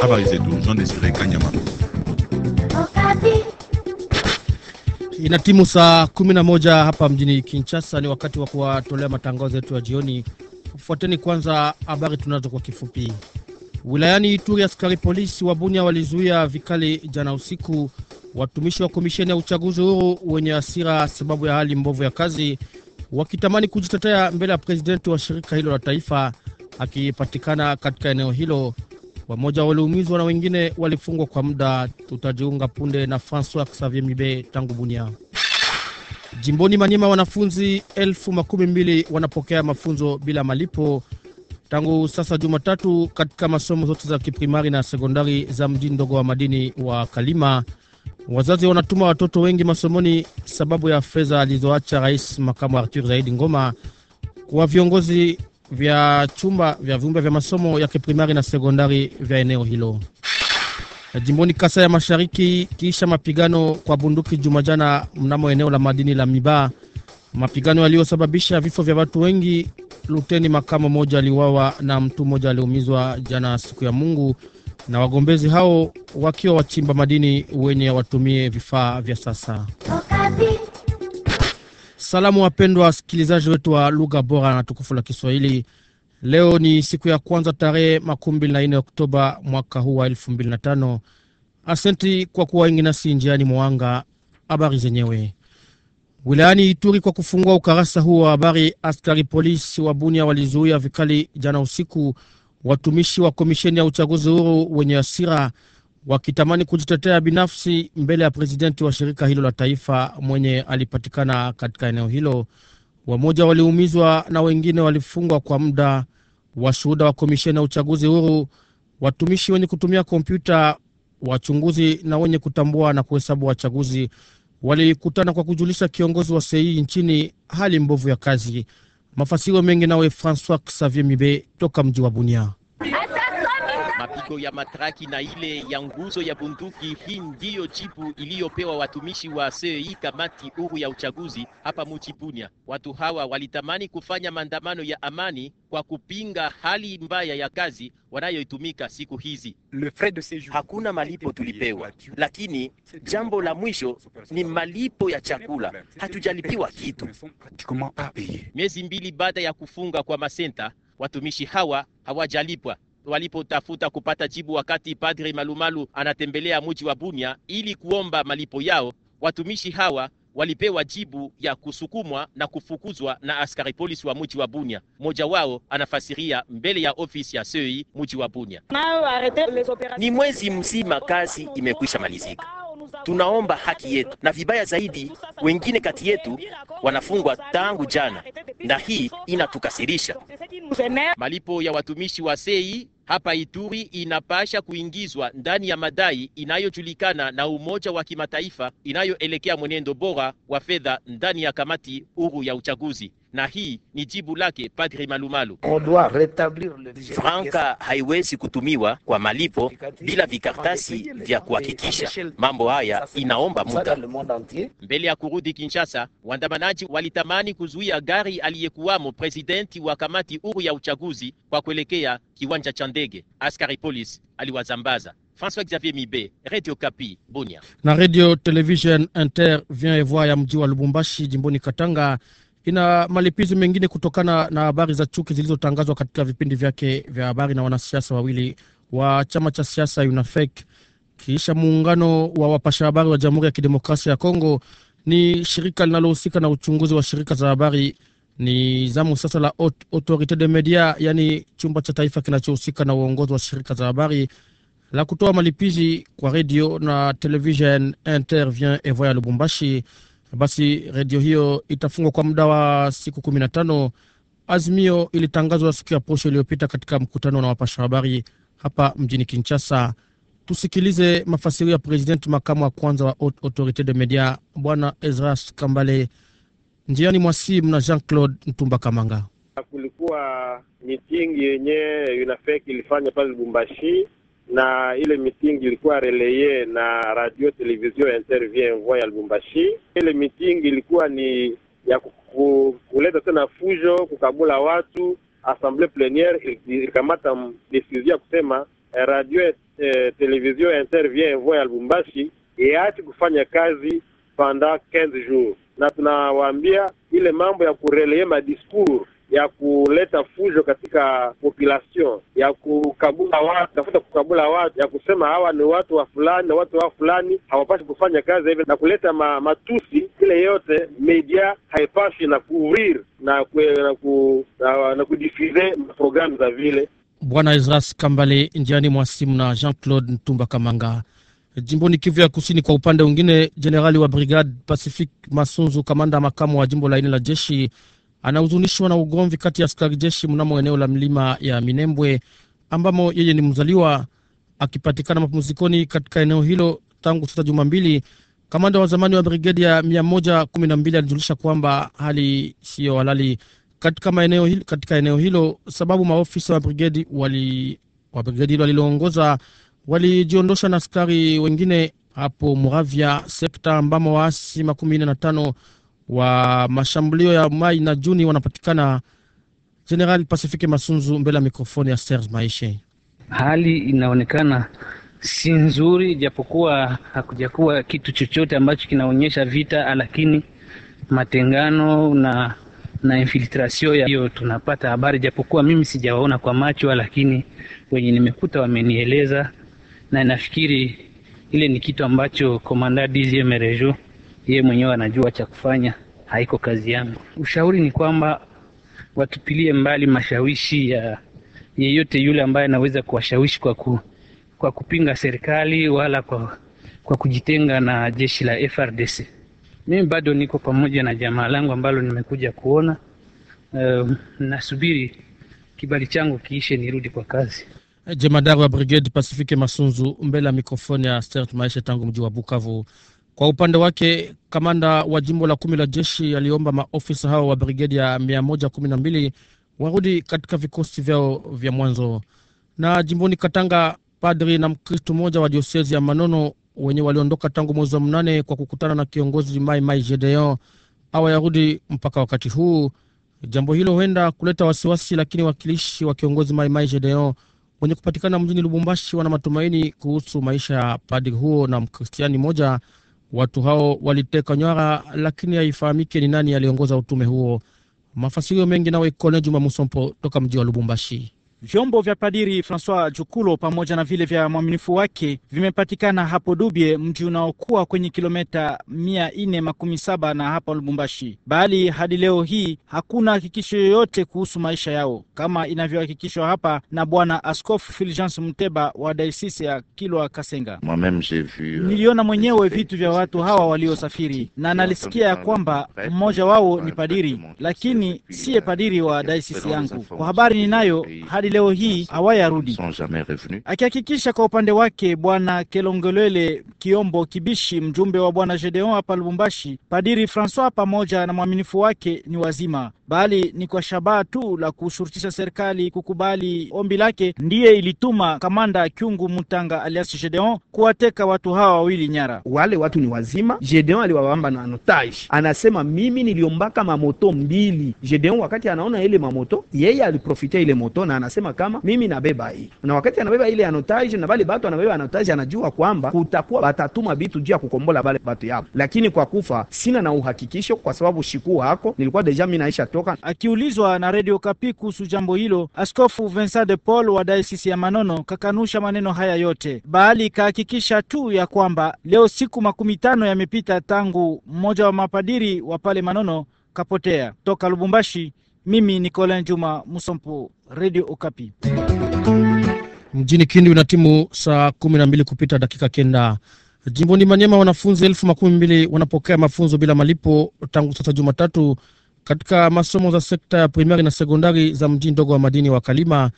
habari zetu Jean Desire Kanyama. timu saa 11 hapa mjini Kinshasa, ni wakati wa kuwatolea matangazo yetu ya jioni. Fuateni kwanza habari tunazo kwa kifupi. Wilayani Ituri, askari polisi wa Bunia walizuia vikali jana usiku watumishi wa komisheni ya uchaguzi huru wenye hasira sababu ya hali mbovu ya kazi, wakitamani kujitetea mbele ya prezidenti wa shirika hilo la taifa akipatikana katika eneo hilo. Wamoja waliumizwa na wengine walifungwa kwa muda. Tutajiunga punde na Francois Xavier Mibe tangu Bunia. Jimboni Manyema, wanafunzi elfu makumi mbili wanapokea mafunzo bila malipo tangu sasa Jumatatu katika masomo zote za kiprimari na sekondari za mji ndogo wa madini wa Kalima. Wazazi wanatuma watoto wengi masomoni sababu ya fedha alizoacha Rais Makamu Arthur Zaidi Ngoma. Kwa viongozi vya chumba vya vyumba vya masomo ya kiprimari na sekondari vya eneo hilo. Jimboni kasa ya Mashariki, kisha mapigano kwa bunduki Jumajana mnamo eneo la madini la Miba, mapigano yaliyosababisha vifo vya watu wengi. Luteni makamo moja aliuawa na mtu mmoja aliumizwa jana siku ya Mungu, na wagombezi hao wakiwa wachimba madini wenye watumie vifaa vya sasa Okabi. Salamu wapendwa wasikilizaji wetu wa lugha bora na tukufu la Kiswahili. Leo ni siku ya kwanza tarehe makumi mbili na nne Oktoba mwaka huu wa elfu mbili na tano. Asenti kwa kuwa wengi nasi njiani mwanga. Habari zenyewe wilayani Ituri, kwa kufungua ukarasa huo wa habari, askari polisi wa Bunia walizuia vikali jana usiku watumishi wa komisheni ya uchaguzi huru wenye asira wakitamani kujitetea binafsi mbele ya prezidenti wa shirika hilo la taifa mwenye alipatikana katika eneo hilo. Wamoja waliumizwa na wengine walifungwa kwa muda. Washuhuda wa komisheni ya uchaguzi huru, watumishi wenye kutumia kompyuta, wachunguzi na wenye kutambua na kuhesabu wachaguzi walikutana kwa kujulisha kiongozi wa sei nchini hali mbovu ya kazi. Mafasiro mengi nawe Francois Xavier Mibe toka mji wa Bunia mapigo ya matraki na ile ya nguzo ya bunduki. Hii ndiyo jibu iliyopewa watumishi wa CEI, kamati huru ya uchaguzi hapa mji Bunia. Watu hawa walitamani kufanya maandamano ya amani kwa kupinga hali mbaya ya kazi wanayoitumika siku hizi. Hakuna malipo tulipewa, lakini jambo la mwisho ni malipo ya chakula. Hatujalipiwa kitu. Miezi mbili baada ya kufunga kwa masenta, watumishi hawa hawajalipwa walipotafuta kupata jibu wakati Padre Malumalu anatembelea mji wa Bunia ili kuomba malipo yao, watumishi hawa walipewa jibu ya kusukumwa na kufukuzwa na askari polisi wa mji wa Bunia. Mmoja wao anafasiria mbele ya ofisi ya sei mji wa Bunia. Ni mwezi mzima kazi imekwisha malizika tunaomba haki yetu, na vibaya zaidi, wengine kati yetu wanafungwa tangu jana, na hii inatukasirisha. Malipo ya watumishi wa sei hapa Ituri inapasha kuingizwa ndani ya madai inayojulikana na Umoja wa Kimataifa inayoelekea mwenendo bora wa fedha ndani ya kamati huru ya uchaguzi na hii ni jibu lake Padri Malumalu. Franka haiwezi kutumiwa kwa malipo bila vikartasi vya kuhakikisha mambo haya, inaomba muda. Mbele ya kurudi Kinshasa, waandamanaji walitamani kuzuia gari aliyekuwamo presidenti wa kamati huru ya uchaguzi kwa kuelekea kiwanja cha ndege, askari polisi aliwazambaza. François Xavier Mibe, Radio Kapi, Bunia. Na Radio Television Interview ya mji wa Lubumbashi jimboni Katanga ina malipizi mengine kutokana na habari za chuki zilizotangazwa katika vipindi vyake vya habari na wanasiasa wawili wa chama cha siasa UNAFEC kisha muungano wa wapasha habari wa Jamhuri ya Kidemokrasia ya Kongo. Ni shirika linalohusika na uchunguzi wa shirika za habari ni zamu sasa la Autorite de Media, yani chumba cha taifa kinachohusika na uongozi wa shirika za habari la kutoa malipizi kwa redio na television Intervien Evoya ya Lubumbashi. Basi redio hiyo itafungwa kwa muda wa siku kumi na tano. Azimio ilitangazwa siku ya posho iliyopita katika mkutano na wapasha habari hapa mjini Kinshasa. Tusikilize mafasiri ya president makamu wa kwanza wa Autorite de Media, Bwana Ezras Kambale. Njiani mwa simu na Jean Claude Mtumba Kamanga. Kulikuwa mitingi yenye UNAFEC ilifanya pale Lubumbashi, na ile mitingi ilikuwa releye na radio television interview voix ya Lubumbashi. Ile mitingi ilikuwa ni ya kuleta tena fujo, kukabula watu. Assemble pleniere ilikamata decision ya kusema eh, radio eh, television interview voix ya Lubumbashi iache kufanya kazi pendant 15 jours na tunawaambia ile mambo ya kureleye madiskur ya kuleta fujo katika population ya kukabula watu, tafuta kukabula watu, ya kusema hawa ni watu wa fulani na watu wa fulani hawapaswi kufanya kazi hivi, na kuleta ma, matusi ile yote, media haipaswi na kuvrir na na, ku, na, na kudifuze programu za vile. Bwana Isras Kambale njiani mwa simu na Jean Claude Ntumba Kamanga. Jimboni Kivu ya Kusini. Kwa upande mwingine, jenerali wa brigade Pacific Masunzu, kamanda makamu wa jimbo la ine la jeshi, anahuzunishwa na ugomvi kati ya askari jeshi mnamo eneo la milima ya Minembwe ambamo yeye ni mzaliwa, akipatikana mapumzikoni katika eneo hilo tangu sasa juma mbili. Kamanda wa zamani wa brigedi ya mia moja kumi na mbili alijulisha kwamba hali siyo halali katika maeneo hilo, katika eneo hilo sababu maofisa wa brigedi wali wa brigedi hilo waliloongoza walijiondosha na askari wengine hapo Muravya, sekta ambamo waasi makumi nne na tano wa mashambulio ya Mai na Juni wanapatikana. Jenerali Pacifique Masunzu mbele ya mikrofoni ya Serge Maishe. Hali inaonekana si nzuri, japokuwa hakujakuwa kitu chochote ambacho kinaonyesha vita, lakini matengano na na infiltrasio ya hiyo tunapata habari, japokuwa mimi sijawaona kwa macho, lakini wenye nimekuta wamenieleza na nafikiri ile ni kitu ambacho komanda DG Merejo yeye mwenyewe anajua cha kufanya, haiko kazi yangu. Ushauri ni kwamba watupilie mbali mashawishi ya yeyote yule ambaye anaweza kuwashawishi kwa, ku, kwa kupinga serikali wala kwa, kwa kujitenga na jeshi la FRDC. Mimi bado niko pamoja na jamaa langu ambalo nimekuja kuona. Um, nasubiri kibali changu kiishe nirudi kwa kazi jemadari wa brigade Pacifique Masunzu mbele ya mikrofoni ya Stert Maisha tangu mji wa Bukavu. Kwa upande wake kamanda wa jimbo la kumi la jeshi aliomba maofisa hao wa brigedi ya 112 warudi katika vikosi vyao vya mwanzo. Na jimboni Katanga, padri na mkristu mmoja wa diosezi ya Manono wenye waliondoka tangu mwezi wa mnane kwa kukutana na kiongozi Mai Mai Gedeon hawayarudi mpaka wakati huu. Jambo hilo huenda kuleta wasiwasi, lakini wakilishi wa kiongozi Mai Mai Gedeon wenye kupatikana mjini Lubumbashi wana matumaini kuhusu maisha ya padri huo na mkristiani mmoja. Watu hao waliteka nyara, lakini haifahamiki ni nani aliongoza utume huo. Mafasirio mengi nawe Ikone Juma Musompo toka mji wa Lubumbashi. Vyombo vya padiri Francois Jukulo pamoja na vile vya mwaminifu wake vimepatikana hapo Dubye, mji unaokuwa kwenye kilometa mia na hapa Lubumbashi, bali hadi leo hii hakuna hakikisho yoyote kuhusu maisha yao, kama inavyohakikishwa hapa na bwana Askofu Fulgence Muteba wa dayosisi ya Kilwa Kasenga. Euh, Niliona mwenyewe vitu vya watu hawa waliosafiri, na nalisikia ya kwamba mmoja wao ni padiri, lakini siye padiri wa dayosisi yangu. Kwa habari ninayo hadi leo hii hawayarudi, akihakikisha kwa upande wake bwana Kelongelele Kiombo Kibishi, mjumbe wa bwana Gedeon hapa Lubumbashi, padiri Francois pamoja na mwaminifu wake ni wazima bali ni kwa shabaha tu la kushurutisha serikali kukubali ombi lake, ndiye ilituma kamanda Kyungu Mutanga alias Gedeon kuwateka watu hawa wawili nyara. Wale watu ni wazima, Gedeon aliwawamba na anotage. Anasema mimi niliombaka mamoto mbili. Gedeon wakati anaona ile mamoto, yeye aliprofite ile moto na anasema kama mimi nabeba hii, na wakati anabeba ile anotage na bale batu anabeba anotage, anajua kwamba kutakuwa batatuma bitu juu ya kukombola bale batu yao, lakini kwa kufa sina na uhakikisho, kwa sababu shikuu hako nilikuwa deja mimi naisha to kutoka. Akiulizwa na redio Kapi kuhusu jambo hilo, Askofu Vincent de Paul wa dayosisi ya Manono kakanusha maneno haya yote, bali kahakikisha tu ya kwamba leo siku makumi tano yamepita tangu mmoja wa mapadiri wa pale Manono kapotea. Toka Lubumbashi, mimi ni Colin Juma Musompo, redio Okapi. Mjini Kindu ina timu saa kumi na mbili kupita dakika kenda. Jimboni Manyema, wanafunzi elfu makumi mbili wanapokea mafunzo bila malipo tangu sasa Jumatatu katika masomo za sekta ya primari na sekondari za mji ndogo wa madini wa Kalima,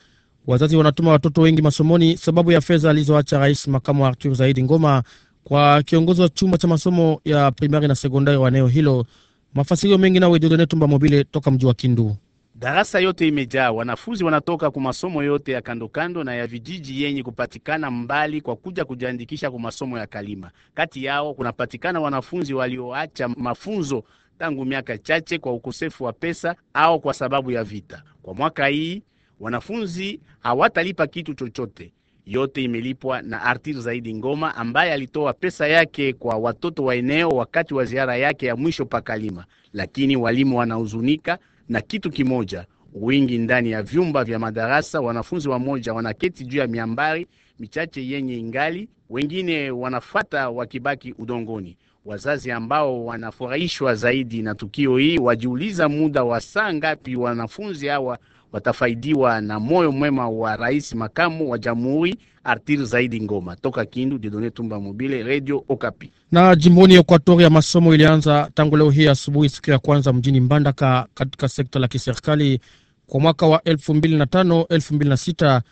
wazazi wanatuma watoto wengi masomoni sababu ya fedha alizoacha Rais Makamu Arthur Zaidi Ngoma kwa kiongozi wa chumba cha masomo ya primari na sekondari wa eneo hilo. Mafasirio mengi nawe Dodone Tumba Mobile toka mji wa Kindu. Darasa yote imejaa wanafunzi, wanatoka kwa masomo yote ya kandokando na ya vijiji yenye kupatikana mbali kwa kuja kujiandikisha kwa masomo ya Kalima. Kati yao kunapatikana wanafunzi walioacha mafunzo tangu miaka chache kwa ukosefu wa pesa au kwa sababu ya vita. Kwa mwaka hii wanafunzi hawatalipa kitu chochote, yote imelipwa na Artir Zaidi Ngoma ambaye alitoa pesa yake kwa watoto wa eneo wakati wa ziara yake ya mwisho pakalima. Lakini walimu wanahuzunika na kitu kimoja, wingi ndani ya vyumba vya madarasa. Wanafunzi wamoja wanaketi juu ya miambari michache yenye ingali, wengine wanafata wakibaki udongoni. Wazazi ambao wanafurahishwa zaidi na tukio hii wajiuliza muda wa saa ngapi wanafunzi hawa watafaidiwa na moyo mwema wa rais makamu wa jamhuri Artir Zaidi Ngoma toka Kindu. Didone Tumba Mobile, Radio Okapi. Na jimboni ekuatori ya masomo ilianza tangu leo hii asubuhi, siku ya kwanza mjini Mbandaka katika sekta la kiserikali kwa mwaka wa elfu mbili na tano elfu mbili na sita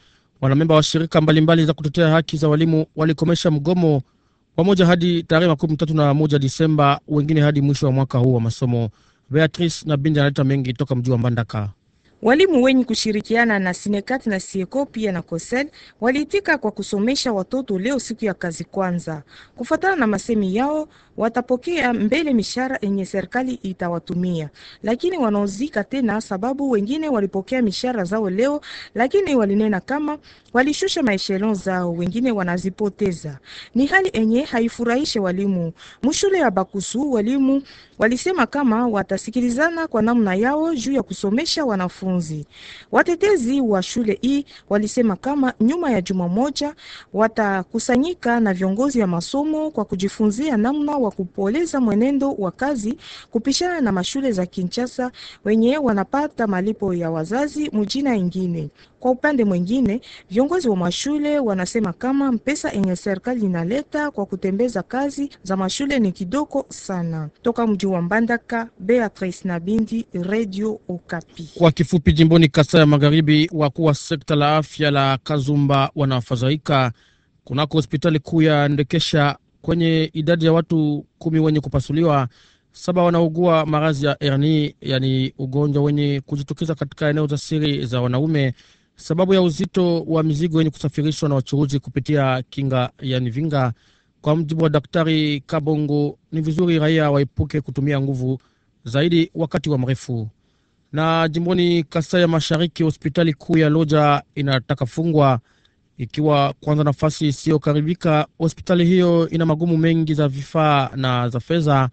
Wanamemba wa shirika mbalimbali mbali za kutetea haki za walimu walikomesha mgomo pamoja hadi tarehe makumi tatu na moja Disemba, wengine hadi mwisho wa mwaka huu wa masomo. Beatrice na Bindi analeta mengi toka mji wa Mbandaka. Walimu wenye kushirikiana na Sinekat na Sieko pia na Kosed waliitika kwa kusomesha watoto leo siku ya kazi kwanza. Kufuatana na masemi yao, watapokea mbele mishara yenye serikali itawatumia, lakini wanaozika tena, sababu wengine walipokea mishara zao leo, lakini walinena kama walishusha maeshelon zao, wengine wanazipoteza. Ni hali yenye haifurahishe walimu mshule ya Bakusu. Walimu walisema kama watasikilizana kwa namna yao juu ya kusomesha wanafunzi. Watetezi wa shule hii walisema kama nyuma ya juma moja watakusanyika na viongozi ya masomo kwa kujifunzia namna wa kwa kupoleza mwenendo wa kazi kupishana na mashule za Kinshasa wenye wanapata malipo ya wazazi mujina ingine. Kwa upande mwingine, viongozi wa mashule wanasema kama mpesa enye serikali inaleta kwa kutembeza kazi za mashule ni kidogo sana. Toka mji wa Mbandaka, Beatrice Nabindi, Radio Okapi. Kwa kifupi, jimboni kasa ya Magharibi, wakuu wa sekta la afya la Kazumba wanafadhaika kunako hospitali kuu ya Ndekesha kwenye idadi ya watu kumi wenye kupasuliwa, saba wanaugua maradhi ya rn yani ugonjwa wenye kujitokeza katika eneo za siri za wanaume sababu ya uzito wa mizigo yenye kusafirishwa na wachuruzi kupitia kinga yani vinga. Kwa mjibu wa Daktari Kabongo, ni vizuri raia waepuke kutumia nguvu zaidi wakati wa mrefu. Na jimboni Kasai ya Mashariki, hospitali kuu ya Loja inataka fungwa ikiwa kwanza nafasi isiyokaribika. Hospitali hiyo ina magumu mengi za vifaa na za fedha.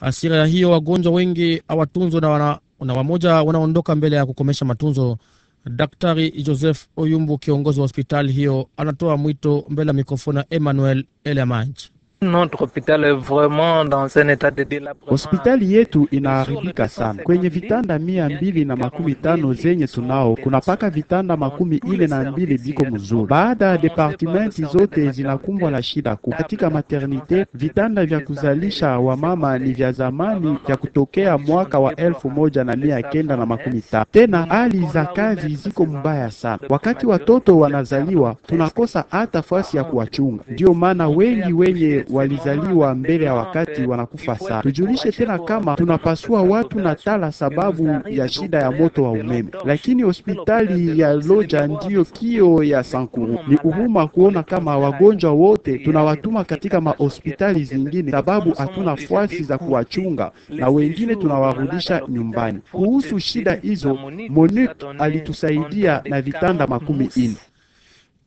Hasira ya hiyo, wagonjwa wengi hawatunzwa na, wana, na wamoja wanaondoka mbele ya kukomesha matunzo. Daktari Joseph Oyumbu, kiongozi wa hospitali hiyo, anatoa mwito mbele ya mikrofoni ya Emmanuel Elamanji. Notre est vraiment dans un de délabrement. Hospitali yetu inaharibika sana. Kwenye vitanda mia mbili na makumi tano zenye tunao kuna paka vitanda makumi ile na mbili biko mzuri. Baada ya departimenti zote zinakumbwa na shida kuu katika maternite. Vitanda vya kuzalisha wamama ni vya zamani vya kutokea mwaka wa elfu moja na mia kenda na makumi tano. Tena hali za kazi ziko mbaya sana. Wakati watoto wanazaliwa tunakosa hata fasi ya kuwachunga, ndiyo maana wengi wenye walizaliwa mbele ya wakati wanakufa sana. Tujulishe tena kama tunapasua watu na tala sababu ya shida ya moto wa umeme, lakini hospitali ya Loja ndiyo kio ya Sankuru. Ni uhuma kuona kama wagonjwa wote tunawatuma katika mahospitali zingine sababu hatuna fuasi za kuwachunga na wengine tunawarudisha nyumbani. Kuhusu shida hizo, Monique alitusaidia na vitanda makumi ine.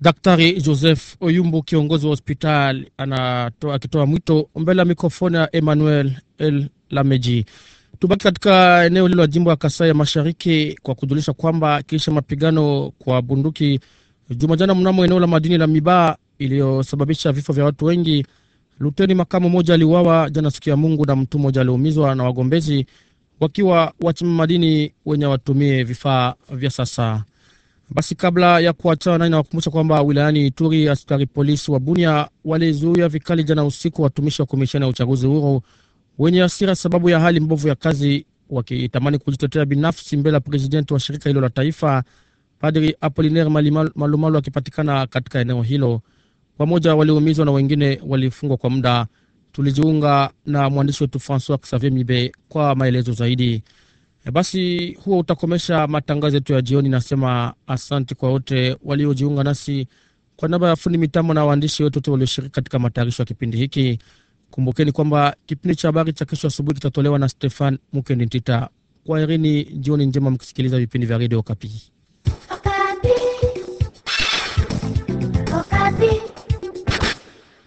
Daktari Joseph Oyumbu, kiongozi wa hospitali, akitoa mwito mbele ya mikrofoni ya Emmanuel El Lameji. Tubaki katika eneo lilo la jimbo ya Kasai ya Mashariki kwa kujulisha kwamba kisha mapigano kwa bunduki jumajana mnamo eneo la madini la Mibaa iliyosababisha vifo vya watu wengi, luteni makamu moja aliuawa jana siku ya Mungu na mtu mmoja aliumizwa na wagombezi wakiwa wachimba madini wenye watumie vifaa vya sasa. Basi kabla ya kuachana, ninawakumbusha kwamba wilayani Ituri askari polisi wa Bunia walizuia vikali jana usiku watumishi wa komisheni ya uchaguzi huru wenye hasira sababu ya hali mbovu ya kazi, wakitamani kujitetea binafsi mbele ya presidenti wa shirika hilo la taifa Padri Apolinaire Malumalu akipatikana katika eneo hilo. Pamoja waliumizwa na wengine walifungwa kwa muda. Tulijiunga na mwandishi wetu Francois Xavier Mibe kwa maelezo zaidi. E, basi huo utakomesha matangazo yetu ya jioni. Nasema asanti kwa wote waliojiunga nasi, kwa niaba ya fundi mitambo na waandishi wetu wote walioshiriki katika matayarisho ya kipindi hiki. Kumbukeni kwamba kipindi cha habari cha kesho asubuhi kitatolewa na Stefan Mukendi Ntita. herini, jioni njema, mkisikiliza vipindi vya redio Okapi.